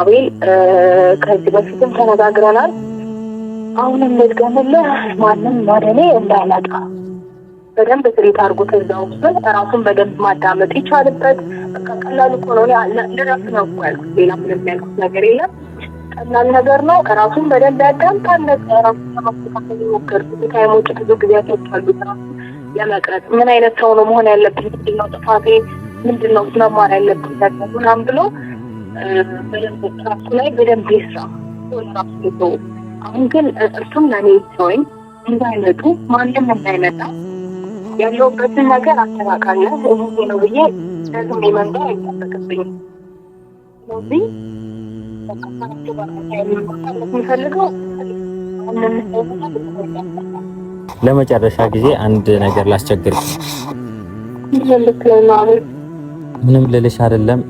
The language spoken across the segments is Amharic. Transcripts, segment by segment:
አቤል ከዚህ በፊትም ተነጋግረናል። አሁን ልድገምልህ ማንም ወደ እኔ እንዳይመጣ በደንብ ስሬት አድርጎት እዛው ስል ራሱን በደንብ ማዳመጥ ይቻልበት። በቃ ቀላሉ እኮ ነው። ነው እኮ ያልኩት፣ ሌላ ምንም ያልኩት ነገር የለም። ቀላል ነገር ነው። ራሱን በደንብ ያዳምጣል። ራሱን ለማስተካከል ይሞክር። ታይሞች ብዙ ጊዜ አሉት። ራሱ ለመቅረጽ ምን አይነት ሰው ነው መሆን ያለብኝ? ምንድነው ጥፋቴ? ምንድነው መማር ያለብኝ ነገር ምናምን ብሎ በደንብ ራሱ ላይ በደንብ ይስራ ራሱ አሁን ግን እርሱም ለእኔ ሰወኝ እንዳይመጡ ማንም እንዳይመጣ ያለውበትን ነገር አስተካካለ እዚህ ነው ብዬ ለዝም መንበር አይጠበቅብኝ። ስለዚህ ለመጨረሻ ጊዜ አንድ ነገር ላስቸግር። ምንም ልልሽ አይደለም።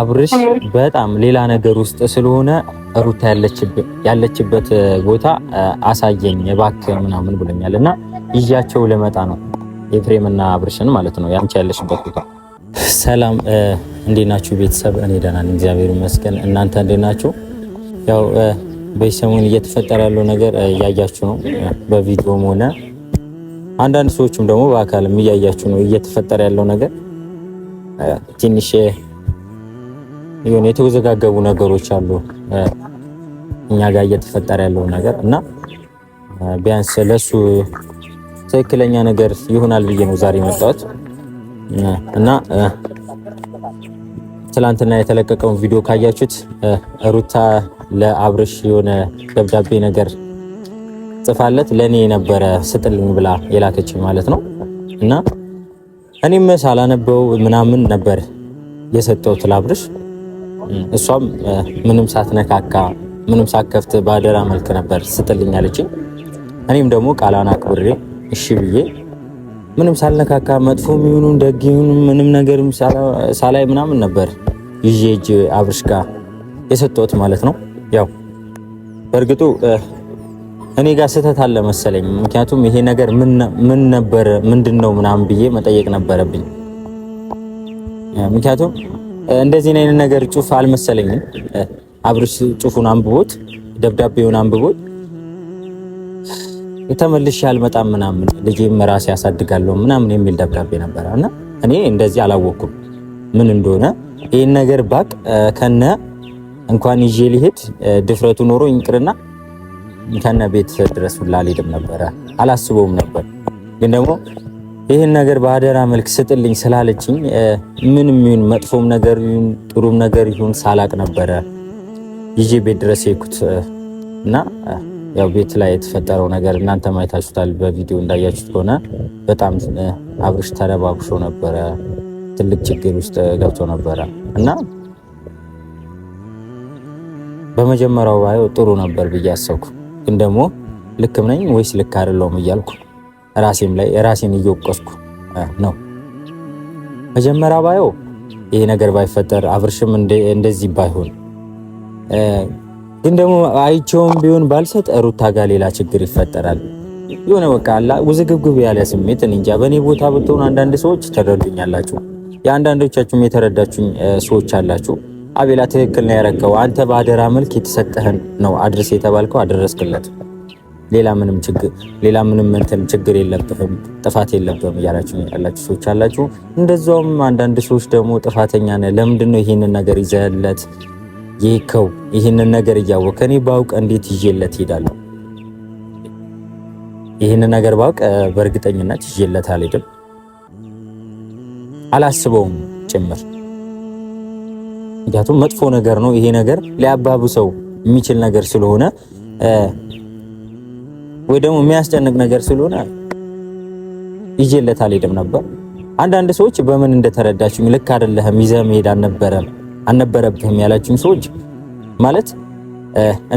አብርሽ በጣም ሌላ ነገር ውስጥ ስለሆነ ሩታ ያለችበት ቦታ አሳየኝ እባክህ ምናምን ብሎኛል እና ይዣቸው ልመጣ ነው። ኤፍሬምና አብርሽን ማለት ነው። ያንቺ ያለሽበት ቦታ። ሰላም እንዴት ናችሁ ቤተሰብ? እኔ ደህና ነኝ እግዚአብሔር ይመስገን። እናንተ እንዴት ናችሁ? ያው በሰሞኑ እየተፈጠረ ያለው ነገር እያያችሁ ነው፣ በቪዲዮም ሆነ አንዳንድ ሰዎችም ደግሞ በአካልም እያያችሁ ነው እየተፈጠረ ያለው ነገር ትንሽ የሆነ የተወዘጋገቡ ነገሮች አሉ እኛ ጋር እየተፈጠረ ያለው ነገር እና ቢያንስ ለሱ ትክክለኛ ነገር ይሆናል ብዬ ነው ዛሬ መጣሁት እና ትላንትና የተለቀቀውን ቪዲዮ ካያችሁት ሩታ ለአብርሽ የሆነ ደብዳቤ ነገር ጽፋለት ለእኔ የነበረ ስጥልኝ ብላ የላከች ማለት ነው። እና እኔም ሳላነበው ምናምን ነበር የሰጠሁት ለአብርሽ እሷም ምንም ሳትነካካ ምንም ሳትከፍት በአደራ መልክ ነበር ስጥልኝ አለችኝ። እኔም ደግሞ ቃላን አክብሬ እሺ ብዬ ምንም ሳልነካካ መጥፎ የሚሆኑ ደግ ምንም ነገር ሳላይ ምናምን ነበር ይዤ እጅ አብርሽ ጋር የሰጠሁት ማለት ነው። ያው በእርግጡ እኔ ጋር ስህተት አለ መሰለኝ። ምክንያቱም ይሄ ነገር ምን ነበር ምንድን ነው ምናምን ብዬ መጠየቅ ነበረብኝ። ምክንያቱም እንደዚህ አይነት ነገር ጩፍ አልመሰለኝም። አብርሽ ጩፉን አንብቦት ደብዳቤውን አንብቦት ተመልሼ አልመጣም ምናምን ልጄም ራሴ ያሳድጋለሁ ምናምን የሚል ደብዳቤ ነበረ እና እኔ እንደዚህ አላወኩም ምን እንደሆነ ይህን ነገር ባቅ ከነ እንኳን ይዤ ሊሄድ ድፍረቱ ኖሮ ይንቅርና ከነ ቤት ድረስ ሁላ አልሄድም ነበረ፣ አላስበውም ነበር ግን ደግሞ ይህን ነገር በአደራ መልክ ስጥልኝ ስላለችኝ ምንም ይሁን መጥፎም ነገር ይሁን ጥሩም ነገር ይሁን ሳላቅ ነበረ ይዤ ቤት ድረስ የኩት እና ያው ቤት ላይ የተፈጠረው ነገር እናንተ ማየታችሁታል። በቪዲዮ እንዳያችሁት ከሆነ በጣም አብርሽ ተረባብሾ ነበረ፣ ትልቅ ችግር ውስጥ ገብቶ ነበረ እና በመጀመሪያው ባየው ጥሩ ነበር ብዬ አሰብኩ። ግን ደግሞ ልክም ነኝ ወይስ ልክ አይደለውም እያልኩ ራሴም ላይ ራሴን እየወቀስኩ ነው። መጀመሪያ ባየው ይሄ ነገር ባይፈጠር አብርሽም እንደዚህ ባይሆን፣ ግን ደግሞ አይቼውም ቢሆን ባልሰጥ ሩታ ጋር ሌላ ችግር ይፈጠራል። የሆነ በቃ አላ ውዝግብግብ ያለ ስሜት እንጃ። በእኔ ቦታ ብትሆኑ አንዳንድ ሰዎች ተረዱኛላችሁ፣ የአንዳንዶቻችሁም የተረዳችሁኝ ሰዎች አላችሁ። አቤላ ትክክል ነው ያረከው። አንተ በአደራ መልክ የተሰጠህን ነው አድርስ የተባልከው አደረስክለት። ሌላ ምንም ችግር ሌላ ምንም እንትን ችግር የለብህም ጥፋት የለብህም እያላችሁ ያላችሁ ሰዎች አላችሁ። እንደዛውም አንዳንድ ሰዎች ደግሞ ጥፋተኛ ነህ ለምንድን ነው ይህንን ነገር ይዘህለት ይከው ይህንን ነገር እያወቀ እኔ ባውቅ እንዴት ይዤለት ሄዳለሁ? ይህንን ነገር ባውቅ በእርግጠኝነት ይዤለት አልሄድም፣ አላስበውም ጭምር ምክንያቱም መጥፎ ነገር ነው። ይሄ ነገር ሊያባብሰው የሚችል ነገር ስለሆነ ወይ ደግሞ የሚያስጨንቅ ነገር ስለሆነ ይዤለት አልሄድም ነበር። አንዳንድ ሰዎች በምን እንደተረዳችሁኝ ልክ አይደለህም ይዘህ መሄድ አልነበረም አልነበረብህም ያላችሁኝ ሰዎች ማለት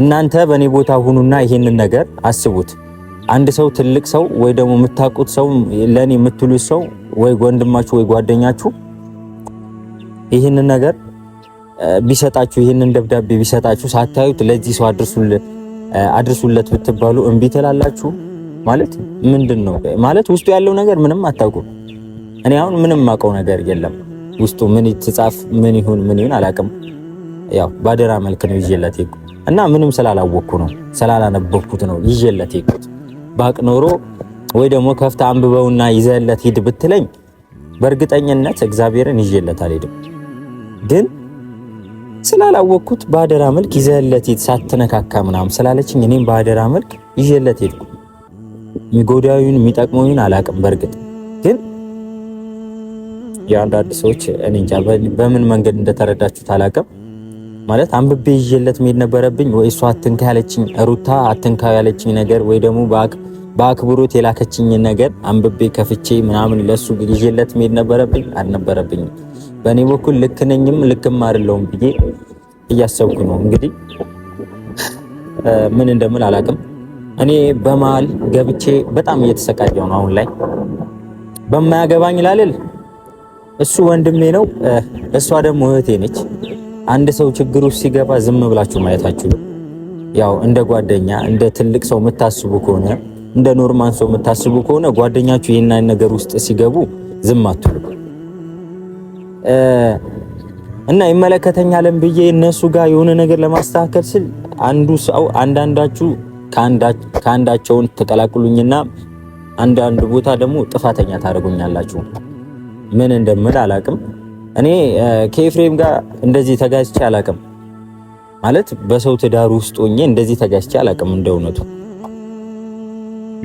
እናንተ በእኔ ቦታ ሁኑና ይሄንን ነገር አስቡት። አንድ ሰው ትልቅ ሰው ወይ ደግሞ የምታውቁት ሰው ለእኔ የምትሉት ሰው ወይ ወንድማችሁ ወይ ጓደኛችሁ ይህንን ነገር ቢሰጣችሁ ይህንን ደብዳቤ ቢሰጣችሁ ሳታዩት ለዚህ ሰው አድርሱልን አድርሱለት ብትባሉ እምቢ ትላላችሁ? ማለት ምንድን ነው ማለት ውስጡ ያለው ነገር ምንም አታውቁም። እኔ አሁን ምንም የማውቀው ነገር የለም። ውስጡ ምን ይጻፍ ምን ይሁን ምን ይሁን አላውቅም። ያው ባደራ መልክ ነው ይዤለት ይቁ እና ምንም ስላላወቅኩ ነው ስላላነበብኩት ነው ይዤለት ይቁት። ባቅ ኖሮ ወይ ደግሞ ከፍታ አንብበውና ይዘለት ሂድ ብትለኝ በእርግጠኝነት እግዚአብሔርን ይዤለት አልሄድም ግን ስላላወቅኩት በአደራ መልክ ይዘለት ሄድ ሳትነካካ ምናምን ስላለችኝ እኔም በአደራ መልክ ይዤለት ሄድኩ። የሚጎዳዩን የሚጠቅመውን አላቅም። በእርግጥ ግን የአንዳንድ ሰዎች እኔ እንጃ በምን መንገድ እንደተረዳችሁት አላቅም። ማለት አንብቤ ይዤለት መሄድ ነበረብኝ ወይ እሷ አትንካ ያለችኝ ሩታ አትንካ ያለችኝ ነገር ወይ ደግሞ በአክብሮት የላከችኝ ነገር አንብቤ ከፍቼ ምናምን ለሱ ይዤለት መሄድ ነበረብኝ አልነበረብኝም? በእኔ በኩል ልክ ነኝም ልክም አይደለሁም ብዬ እያሰብኩ ነው። እንግዲህ ምን እንደምል አላውቅም። እኔ በመሀል ገብቼ በጣም እየተሰቃየሁ ነው አሁን ላይ በማያገባኝ ላልል፣ እሱ ወንድሜ ነው፣ እሷ ደግሞ እህቴ ነች። አንድ ሰው ችግር ውስጥ ሲገባ ዝም ብላችሁ ማየታችሁ ያው እንደ ጓደኛ እንደ ትልቅ ሰው የምታስቡ ከሆነ እንደ ኖርማን ሰው የምታስቡ ከሆነ ጓደኛችሁ ይህን ነገር ውስጥ ሲገቡ ዝም አትሉ። እና ይመለከተኛልን ብዬ እነሱ ጋር የሆነ ነገር ለማስተካከል ስል አንዱ ሰው አንዳንዳችሁ ከአንዳቸውን ተቀላቅሉኝና አንዳንድ ቦታ ደግሞ ጥፋተኛ ታደርጉኛላችሁ። ምን እንደምል አላቅም። እኔ ከኤፍሬም ጋር እንደዚህ ተጋጭቼ አላቅም። ማለት በሰው ትዳር ውስጥ ሆኜ እንደዚህ ተጋጭቼ አላቅም። እንደ እውነቱ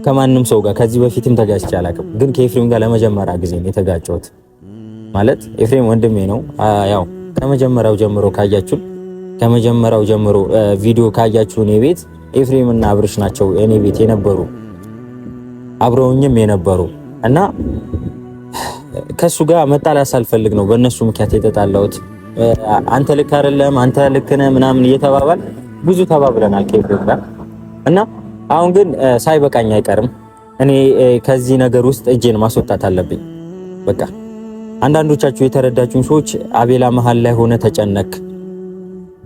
ከማንም ሰው ጋር ከዚህ በፊትም ተጋጭቼ አላቅም፣ ግን ከኤፍሬም ጋር ለመጀመሪያ ጊዜ ነው የተጋጨሁት። ማለት ኤፍሬም ወንድሜ ነው። ያው ከመጀመሪያው ጀምሮ ካያችሁ ከመጀመሪያው ጀምሮ ቪዲዮ ካያችሁ እኔ ቤት ኤፍሬም እና አብርሽ ናቸው እኔ ቤት የነበሩ አብረውኝም የነበሩ እና ከሱ ጋር መጣላት ሳልፈልግ ነው በእነሱ ምክንያት የተጣላሁት። አንተ ልክ አይደለም፣ አንተ ልክ ነህ ምናምን እየተባባል ብዙ ተባብለናል ከኤፍሬም ጋር እና አሁን ግን ሳይበቃኝ አይቀርም። እኔ ከዚህ ነገር ውስጥ እጄን ማስወጣት አለብኝ በቃ አንዳንዶቻችሁ የተረዳችሁኝ ሰዎች አቤላ መሀል ላይ ሆነ ተጨነክ።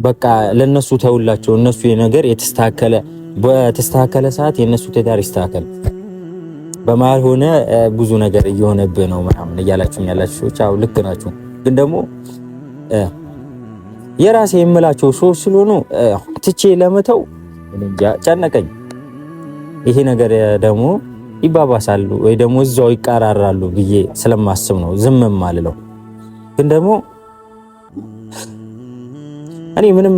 በቃ ለነሱ ተውላቸው። እነሱ የነገር የተስተካከለ በተስተካከለ ሰዓት የነሱ ትዳር ይስተካከል። በመሀል ሆነ ብዙ ነገር እየሆነብህ ነው ምናምን እያላችሁኝ ያላችሁ ሰዎች አዎ ልክ ናችሁ። ግን ደግሞ የራሴ የምላቸው ሰዎች ስለሆኑ ትቼ ለመተው ጨነቀኝ። ይሄ ነገር ደግሞ ይባባሳሉ ወይ ደግሞ እዛው ይቀራራሉ ብዬ ስለማስብ ነው ዝም ማልለው ግን ደግሞ እኔ ምንም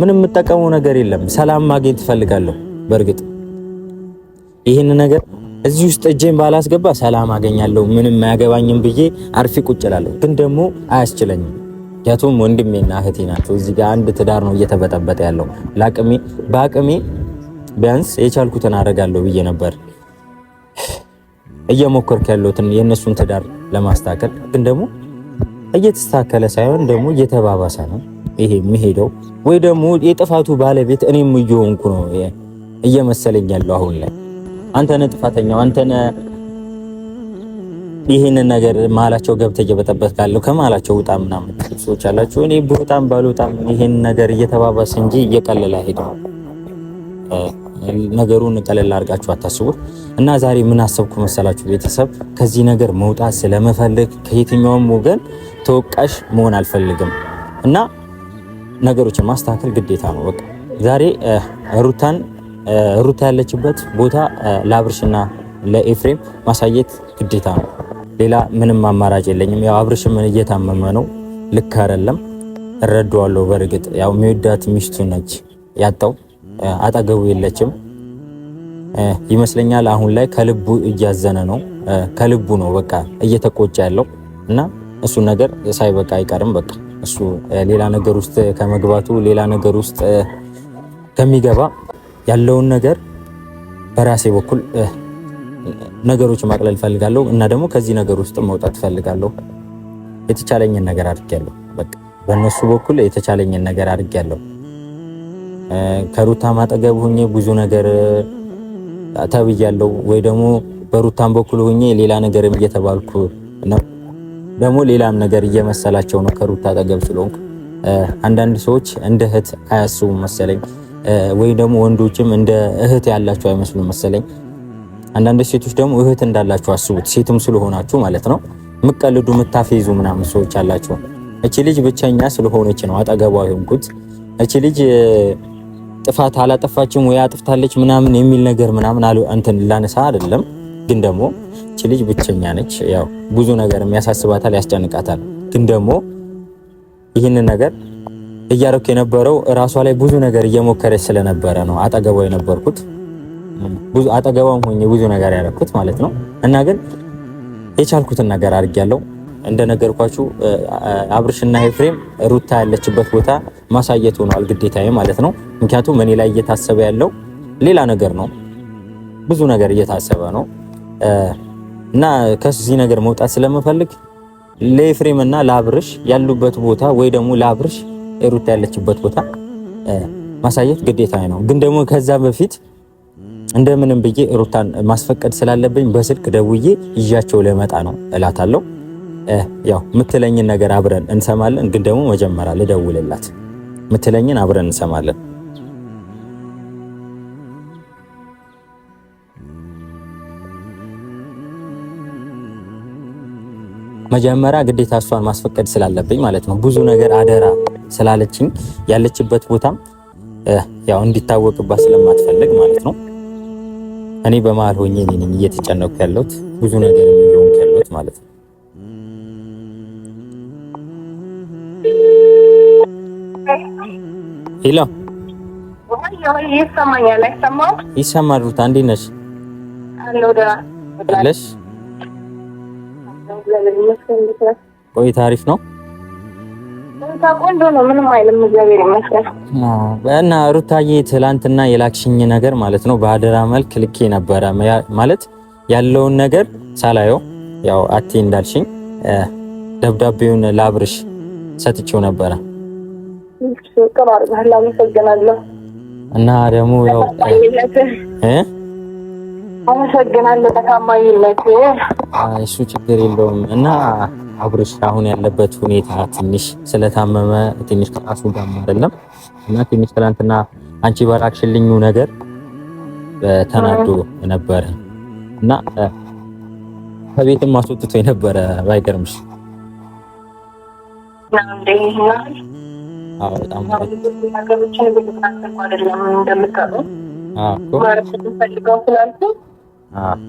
ምንም የምጠቀመው ነገር የለም። ሰላም ማግኘት ትፈልጋለሁ። በእርግጥ ይህን ነገር እዚህ ውስጥ እጄን ባላስገባ ሰላም አገኛለሁ፣ ምንም አያገባኝም ብዬ አርፊ ቁጭ እላለሁ። ግን ደግሞ አያስችለኝም። ያቱም ወንድሜና እህቴ ናቸው። እዚህ ጋር አንድ ትዳር ነው እየተበጠበጠ ያለው። በአቅሜ ቢያንስ የቻልኩትን አደርጋለሁ ብዬ ነበር እየሞከርክ ያለሁትን የእነሱን ትዳር ለማስተካከል ግን ደግሞ እየተስተካከለ ሳይሆን ደግሞ እየተባባሰ ነው ይሄ የሚሄደው። ወይ ደግሞ የጥፋቱ ባለቤት እኔም እየሆንኩ ነው እየመሰለኝ ያለው አሁን ላይ አንተ ጥፋተኛው፣ አንተ ይህንን ነገር መሀላቸው ገብተህ እየበጠበት ካለው ከመሀላቸው ውጣ ምናምን ሰዎች አላችሁ። እኔ ብወጣም ባልወጣም ይህን ነገር እየተባባሰ እንጂ እየቀለለ አይሄድም። ነገሩን ቀለል አድርጋችሁ አታስቡት እና ዛሬ ምን አሰብኩ መሰላችሁ ቤተሰብ ከዚህ ነገር መውጣት ስለመፈልግ ከየትኛውም ወገን ተወቃሽ መሆን አልፈልግም እና ነገሮችን ማስተካከል ግዴታ ነው። በቃ ዛሬ ሩታን ሩታ ያለችበት ቦታ ለአብርሽና ለኤፍሬም ማሳየት ግዴታ ነው። ሌላ ምንም አማራጭ የለኝም። ያው አብርሽም እየታመመ ነው፣ ልክ አይደለም፣ እረዳዋለሁ። በእርግጥ ያው የሚወዳት ሚስቱ ነች ያጣው አጠገቡ የለችም ይመስለኛል። አሁን ላይ ከልቡ እያዘነ ነው። ከልቡ ነው በቃ እየተቆጨ ያለው እና እሱ ነገር ሳይበቃ አይቀርም። በቃ እሱ ሌላ ነገር ውስጥ ከመግባቱ ሌላ ነገር ውስጥ ከሚገባ ያለውን ነገር በራሴ በኩል ነገሮች ማቅለል ፈልጋለሁ እና ደግሞ ከዚህ ነገር ውስጥ መውጣት ፈልጋለሁ። የተቻለኝን ነገር አድርጌያለሁ። በቃ በእነሱ በኩል የተቻለኝን ነገር አድርጌያለሁ። ከሩታ ማጠገብ ሁኜ ብዙ ነገር ተብያለሁ፣ ወይ ደግሞ በሩታም በኩል ሁኜ ሌላ ነገር እየተባልኩ ነው። ደግሞ ሌላም ነገር እየመሰላቸው ነው ከሩታ አጠገብ ስለሆንኩ አንዳንድ ሰዎች እንደ እህት አያስቡም መሰለኝ፣ ወይ ደግሞ ወንዶችም እንደ እህት ያላቸው አይመስሉም መሰለኝ። አንዳንድ ሴቶች ደግሞ እህት እንዳላቸው አስቡት፣ ሴትም ስለሆናችሁ ማለት ነው። ምቀልዱ ምታፌዙ ምናምን ሰዎች አላቸው። እቺ ልጅ ብቸኛ ስለሆነች ነው አጠገቧ የሆንኩት። እቺ ልጅ ጥፋት አላጠፋችም ወይ አጥፍታለች ምናምን የሚል ነገር ምናምን አሉ እንትን ላነሳ አይደለም። ግን ደግሞ እቺ ልጅ ብቸኛ ነች። ያው ብዙ ነገር የሚያሳስባታል፣ ያስጨንቃታል። ግን ደግሞ ይህንን ነገር እያረኩ የነበረው እራሷ ላይ ብዙ ነገር እየሞከረች ስለነበረ ነው አጠገቧ የነበርኩት ብዙ አጠገቧም ሆኜ ብዙ ነገር ያረኩት ማለት ነው እና ግን የቻልኩትን ነገር አድርጌያለሁ። እንደነገርኳችሁ አብርሽና ኤፍሬም ሩታ ያለችበት ቦታ ማሳየት ሆኗል ግዴታዬ ማለት ነው። ምክንያቱም እኔ ላይ እየታሰበ ያለው ሌላ ነገር ነው፣ ብዙ ነገር እየታሰበ ነው እና ከዚህ ነገር መውጣት ስለምፈልግ ለኤፍሬም እና ለአብርሽ ያሉበት ቦታ ወይ ደግሞ ለአብርሽ ሩታ ያለችበት ቦታ ማሳየት ግዴታዬ ነው። ግን ደግሞ ከዛ በፊት እንደምንም ብዬ ሩታን ማስፈቀድ ስላለብኝ በስልክ ደውዬ ይዣቸው ለመጣ ነው እላታለሁ። ያው የምትለኝን ነገር አብረን እንሰማለን። ግን ደግሞ መጀመሪያ ልደውልላት፣ የምትለኝን አብረን እንሰማለን። መጀመሪያ ግዴታ እሷን ማስፈቀድ ስላለብኝ ማለት ነው። ብዙ ነገር አደራ ስላለችኝ ያለችበት ቦታም ያው እንዲታወቅባት ስለማትፈልግ ማለት ነው። እኔ በመሀል ሆኜ እኔ እየተጨነኩ ያለሁት ብዙ ነገር የሚሆን ያለሁት ማለት ነው። ሄሎ ይሰማኛል። አይሰማሁም? ይሰማል። ሩታ እንዴት ነሽ? አለሽ? ቆይታ አሪፍ ነው። ቆንጆ ነው። ምንም አይልም። እግዚአብሔር ይመስገን። እና ሩታዬ ትላንትና የላክሽኝ ነገር ማለት ነው በአደራ መልክ ልኬ ነበረ ማለት ያለውን ነገር ሳላየው ያው አቴ እንዳልሽኝ ደብዳቤውን ላብርሽ ሰጥቼው ነበረ እና ደግሞ ያው አመሰግናለሁ በታማኝነት። እሱ ችግር የለውም። እና አብርሽ አሁን ያለበት ሁኔታ ትንሽ ስለታመመ ትንሽ ከራሱ ጋር አይደለም እና ትንሽ ትናንትና አንቺ በላክሽልኙ ነገር ተናዶ ነበረ እና ከቤትም አስወጥቶ የነበረ ባይገርምሽ በጣም ነው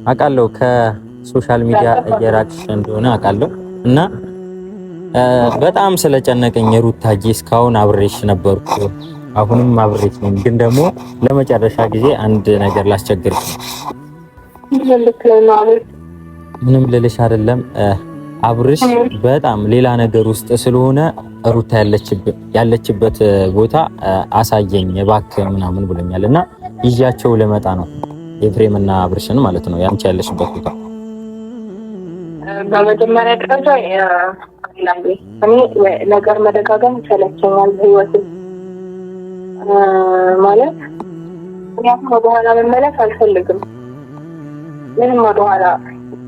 አውቃለሁ። ከሶሻል ሚዲያ እየራቅሽ እንደሆነ አውቃለሁ እና በጣም ስለጨነቀኝ ሩታዬ እስካሁን አብሬሽ ነበርኩ፣ አሁንም አብሬሽ ነኝ። ግን ደግሞ ለመጨረሻ ጊዜ አንድ ነገር ላስቸግርሽ። ምንም ልልሽ አይደለም አብርሽ በጣም ሌላ ነገር ውስጥ ስለሆነ ሩታ ያለችበት ቦታ አሳየኝ የባክ ምናምን ብሎኛል እና ይዣቸው ልመጣ ነው። የፍሬም እና አብርሽን ማለት ነው። ያንቺ ያለሽበት ቦታ በመጀመሪያ ደረጃ እኔ ነገር መደጋገም ይሰለቸኛል ህይወት ማለት ምክንያቱም ወደኋላ መመለስ አልፈልግም። ምንም ወደኋላ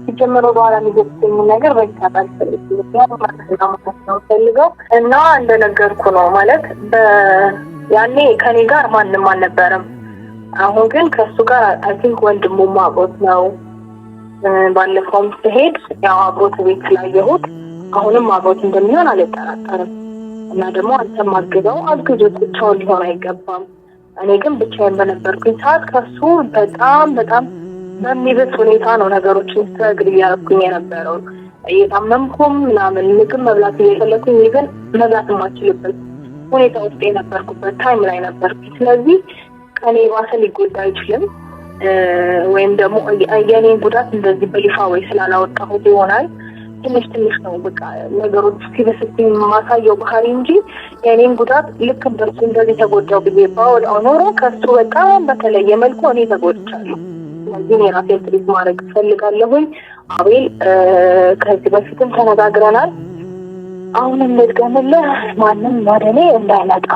ሲጀመሩ በኋላ የሚገኝ ነገር በሂሳብ ፈልገው እና እንደነገርኩ ነው ማለት ያኔ ከኔ ጋር ማንም አልነበረም። አሁን ግን ከእሱ ጋር አይ ቲንክ ወንድሙም አብሮት ነው። ባለፈውም ስሄድ ያው አብሮት ቤት ስላየሁት አሁንም አብሮት እንደሚሆን አልጠራጠርም። እና ደግሞ አንተም አግዘው አግዞት ብቻውን ሊሆን አይገባም። እኔ ግን ብቻዬን በነበርኩኝ ሰዓት ከሱ በጣም በጣም በሚብስ ሁኔታ ነው ነገሮችን ስትረግል እያደረኩኝ የነበረው። እየታመምኩም ምናምን ምግብ መብላት እየፈለኩኝ ግን መብላት የማችልበት ሁኔታ ውስጥ የነበርኩበት ታይም ላይ ነበርኩ። ስለዚህ ከኔ ባሰ ሊጎዳ አይችልም ወይም ደግሞ የኔን ጉዳት እንደዚህ በይፋ ወይ ስላላወጣሁት ይሆናል ትንሽ ትንሽ ነው በቃ ነገሮች ሲበስብኝ የማሳየው ባህሪ እንጂ የእኔም ጉዳት ልክ እንደሱ እንደዚህ ተጎዳው ብዬ ባወጣው ኖሮ ከሱ በጣም በተለየ መልኩ እኔ ተጎድቻለሁ። ስለዚህ የራሴ ትሪት ማድረግ እፈልጋለሁኝ። አቤል ከዚህ በፊትም ተነጋግረናል። አሁን ልድገምልህ፣ ማንም ወደ እኔ እንዳይመጣ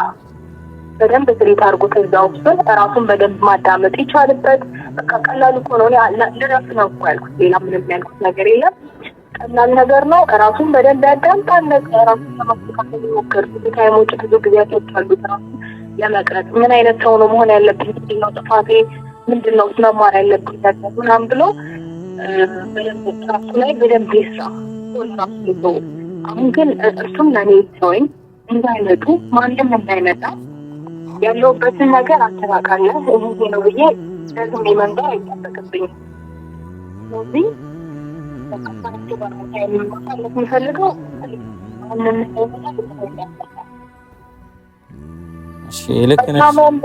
በደንብ ትሪት አድርጎት እዛው ውስጥ ራሱን በደንብ ማዳመጥ ይቻልበት። በቃ ቀላሉ እኮ ነው። ልረፍ ነው እኮ ያልኩት፣ ሌላ ምንም ያልኩት ነገር የለም። ቀላል ነገር ነው። ራሱን በደንብ ያዳምጣል። ራሱን ለማስተካከል ይሞክር። ብዙ ታይሞች ብዙ ጊዜያቶች አሉት ራሱን ለመቅረጽ ምን አይነት ሰው ነው መሆን ያለብኝ? ምንድነው ጥፋቴ ምንድን ነው መማር ያለብኝ ነገር ምናምን ብሎ ራሱ ላይ በደንብ ይስራ። አሁን ግን እርሱም ለእኔ ሰወኝ እንዳይመጡ ማንም እንዳይመጣ ያለሁበትን ነገር አስተካክላለሁ። እዚህ ነው ብዬ ለዝም መንበር አይጠበቅብኝ። ስለዚህ ባለፈ የምፈልገው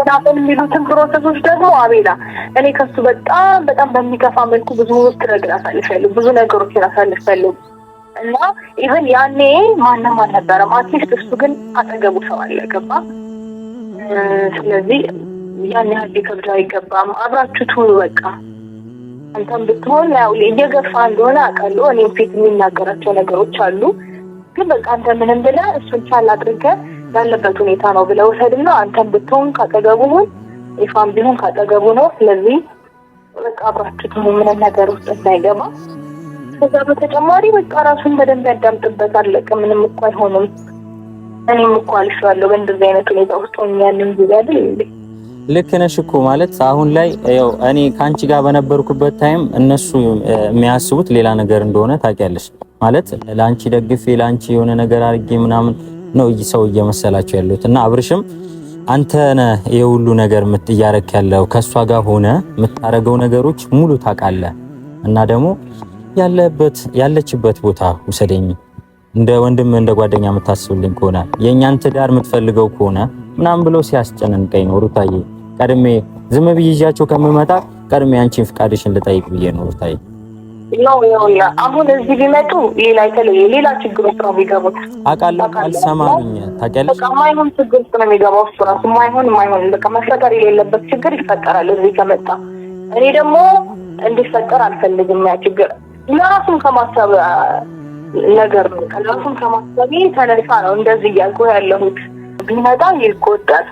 ምናምን የሚሉትን ፕሮሰሶች ደግሞ አቤላ እኔ ከሱ በጣም በጣም በሚከፋ መልኩ ብዙ ውስጥ ነገር ብዙ እና ኢቨን ያኔ ማንም አልነበረም። አትሊስት እሱ ግን አጠገቡ ሰው አለ፣ ገባ። ስለዚህ ያን ያህል ሊከብድ አይገባም። አብራችሁ ትሁኑ በቃ አንተም ብትሆን ያው እየገፋ እንደሆነ አውቃለሁ። እኔም ፊት የሚናገራቸው ነገሮች አሉ፣ ግን በቃ አንተ ምንም ብለህ እሱን ቻል አድርገህ ያለበት ሁኔታ ነው ብለው ውሰድና አንተም ብትሆን ካጠገቡ ሁን፣ ይፋም ቢሆን ካጠገቡ ነው። ስለዚህ በቃ አብራችሁ ምንም ነገር ውስጥ እንዳይገባ። ከዛ በተጨማሪ በቃ ራሱን በደንብ ያዳምጥበት። አለቀ። ምንም እኮ አይሆንም። እኔም እኮ አልሻለሁ በእንደዚህ አይነት ሁኔታ ውስጥ ሆኛለን ጊዜ አይደል እንዴ? ልክ ነሽ እኮ ማለት አሁን ላይ ያው እኔ ከአንቺ ጋር በነበርኩበት ታይም እነሱ የሚያስቡት ሌላ ነገር እንደሆነ ታውቂያለሽ። ማለት ለአንቺ ደግፌ ለአንቺ የሆነ ነገር አድርጌ ምናምን ነው ሰው እየመሰላቸው ያሉት እና አብርሽም አንተ ነህ ይሄ ሁሉ ነገር እያረክ ያለው ከእሷ ጋር ሆነ የምታረገው ነገሮች ሙሉ ታውቃለህ። እና ደግሞ ያለበት ያለችበት ቦታ ውሰደኝ እንደ ወንድም እንደ ጓደኛ የምታስብልኝ ከሆነ የእኛን ትዳር የምትፈልገው ከሆነ ምናምን ብለው ሲያስጨንቀኝ ነው ሩታዬ፣ ቀድሜ ዝም ብዬ ይዣቸው ከምመጣ ቀድሜ አንቺን ፍቃድሽን ልጠይቅ ብዬ ነው ሩታዬ። ነው አሁን እዚህ ቢመጡ ሌላ የተለየ ሌላ ችግር ውስጥ ነው የሚገቡት። አውቃለሁ ታውቂያለሽ። በቃ የማይሆን ችግር ውስጥ ነው የሚገባው እሱ የማይሆን የማይሆን በቃ መፈጠር የሌለበት ችግር ይፈጠራል እዚህ ከመጣ። እኔ ደግሞ እንዲፈጠር አልፈልግም። ያ ችግር ለራሱን ከማሰብ ነገር ነው። ለራሱን ከማሰብ ተነሳ ነው እንደዚህ እያልኩ ያለሁት። ቢመጣ ይቆጣል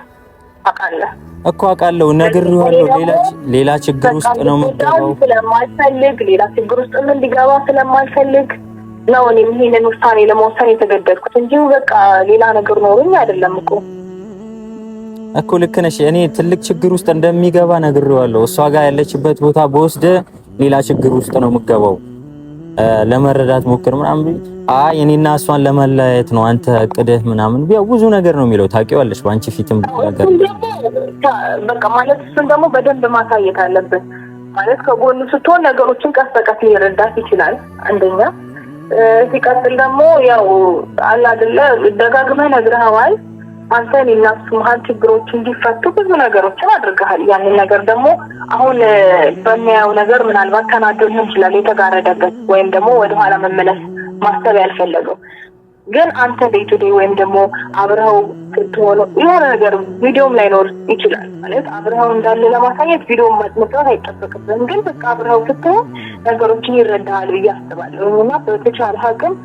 አውቃለሁ እኮ አውቃለሁ፣ ነግሬዋለሁ። ሌላ ሌላ ችግር ውስጥ ነው የምትገባው። ስለማልፈልግ ሌላ ችግር ውስጥ ምን እንዲገባ ስለማልፈልግ ነው እኔም ይሄንን ውሳኔ ለመወሰን የተገደድኩት እንጂ በቃ ሌላ ነገር ኖሮኝ አይደለም እኮ እኮ ልክ ነሽ። እኔ ትልቅ ችግር ውስጥ እንደሚገባ ነግሬዋለሁ። እሷ ጋር ያለችበት ቦታ በወስደ ሌላ ችግር ውስጥ ነው የምገባው ለመረዳት ሞክር ምናምን አይ እኔና እሷን ለመለያየት ነው አንተ እቅድህ ምናምን ቢያው ብዙ ነገር ነው የሚለው ታውቂዋለሽ። በአንቺ ፊትም ነገር በቃ ማለት እሱን ደግሞ በደንብ ማሳየት አለብን ማለት ከጎኑ ስትሆን ነገሮችን ቀስ በቀስ ሊረዳት ይችላል። አንደኛ ሲቀጥል ደግሞ ያው አለ አይደለ ደጋግመህ ነግረኸዋል። አንተ እና እሱ መሀል ችግሮች እንዲፈቱ ብዙ ነገሮችን አድርገሃል። ያንን ነገር ደግሞ አሁን በሚያየው ነገር ምናልባት ተናዶ ሊሆን ይችላል የተጋረደበት ወይም ደግሞ ወደኋላ መመለስ ማሰብ ያልፈለገው ግን አንተ ቤቱ ቱ ወይም ደግሞ አብረኸው ስትሆኑ የሆነ ነገር ቪዲዮም ላይኖር ይችላል። ማለት አብረኸው እንዳለ ለማሳየት ቪዲዮ መስራት አይጠበቅብህም። ግን በቃ አብረኸው ስትሆን ነገሮችን ይረዳሃል ብዬ አስባለሁ እና በተቻለ አቅም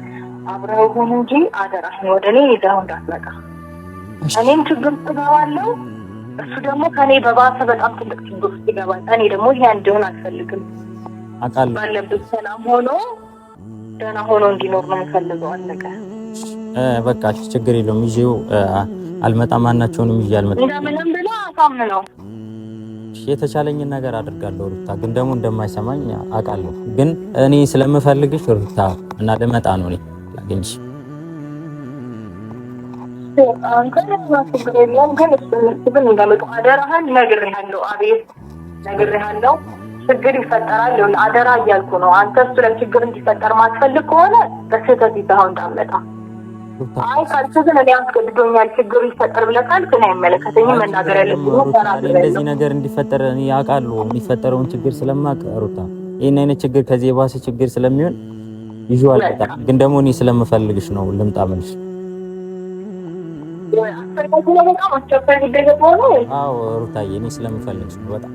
አብረኸው ሁን እንጂ አደራህን ወደ እኔ ይዘኸው እንዳትመጣ። እኔም ችግር ስገባለሁ፣ እሱ ደግሞ ከእኔ በባሰ በጣም ትልቅ ችግር ውስጥ ይገባል። እኔ ደግሞ ይሄ እንዲሆን አልፈልግም። ባለበት ሰላም ሆኖ ደህና ሆኖ እንዲኖር ነው የምፈልገው። አለቀ በቃ ችግር የለውም። ይዤው አልመጣም። አናቸውንም ይዤ አልመጣም። እንደምንም ብሎ አሳምነው የተቻለኝን ነገር አድርጋለሁ። ሩታ ግን ደግሞ እንደማይሰማኝ አውቃለሁ። ግን እኔ ስለምፈልግሽ ሩታ እና ልመጣ ነው እኔ ላገኝሽ ግን ችግር ይፈጠራል። አደራ እያልኩ ነው። አንተ እሱ ላይ ችግር እንዲፈጠር ማትፈልግ ከሆነ በስህተት ይዛው እንዳመጣ። አይ ግን እኔ አስገድዶኛል ችግሩ ይፈጠር ብለህ ካልክ እኔ አይመለከተኝም። መናገር ያለብኝ እንደዚህ ነገር እንዲፈጠር አውቃለሁ። የሚፈጠረውን ችግር ስለማውቅ ሩታ፣ ይህን አይነት ችግር ከዚህ የባሰ ችግር ስለሚሆን ይዤው አልመጣም። ግን ደግሞ እኔ ስለምፈልግሽ ነው ልምጣ ብልሽ አዎ ሩታዬ፣ እኔ ስለምፈልግሽ ነው በጣም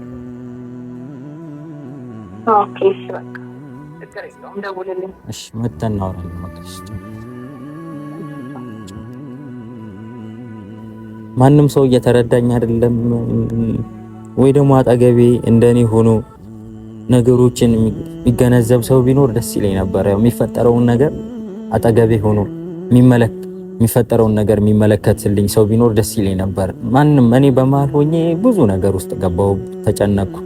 እሺ መተን እናወራለን። ማንም ሰው እየተረዳኝ አይደለም፣ ወይ ደግሞ አጠገቤ እንደኔ ሆኖ ነገሮችን የሚገነዘብ ሰው ቢኖር ደስ ይለኝ ነበር። ያው የሚፈጠረውን ነገር አጠገቤ ሆኖ የሚፈጠረውን ነገር የሚመለከትልኝ ሰው ቢኖር ደስ ይለኝ ነበር። ማንም እኔ በመሃል ሆኜ ብዙ ነገር ውስጥ ገባው፣ ተጨነቅኩ።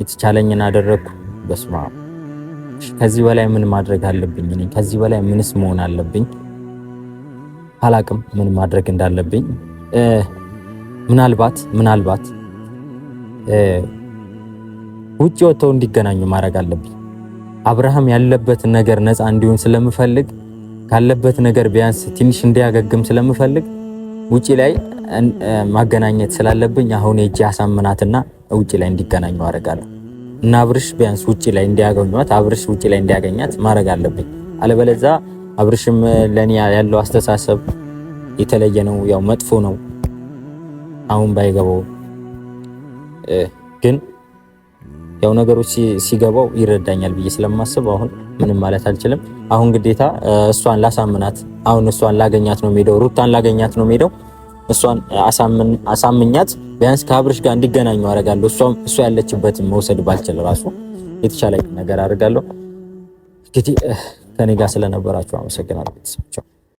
የተቻለኝን አደረግኩ። በስመ አብ ከዚህ በላይ ምን ማድረግ አለብኝ? እኔ ከዚህ በላይ ምንስ መሆን አለብኝ? አላቅም ምን ማድረግ እንዳለብኝ። ምናልባት ምናልባት ውጭ ወጥተው እንዲገናኙ ማድረግ አለብኝ። አብርሃም ያለበት ነገር ነፃ እንዲሆን ስለምፈልግ ካለበት ነገር ቢያንስ ትንሽ እንዲያገግም ስለምፈልግ ውጪ ላይ ማገናኘት ስላለብኝ አሁን እጅ አሳምናትና ውጭ ላይ እንዲገናኙ አደርጋለሁ እና አብርሽ ቢያንስ ውጭ ላይ እንዲያገኟት አብርሽ ውጭ ላይ እንዲያገኛት ማድረግ አለብኝ። አለበለዛ አብርሽም ለኔ ያለው አስተሳሰብ የተለየ ነው፣ ያው መጥፎ ነው። አሁን ባይገባው ግን ያው ነገሮች ሲገባው ይረዳኛል ብዬ ስለማስብ አሁን ምንም ማለት አልችልም። አሁን ግዴታ እሷን ላሳምናት፣ አሁን እሷን ላገኛት ነው የምሄደው፣ ሩታን ላገኛት ነው የምሄደው። እሷን አሳምኛት ቢያንስ ከአብርሽ ጋር እንዲገናኙ አደርጋለሁ። እሷም እሷ ያለችበትን መውሰድ ባልችል ራሱ የተሻለ ነገር አድርጋለሁ። እንግዲህ ከኔ ጋር ስለነበራችሁ አመሰግናለሁ ቤተሰብ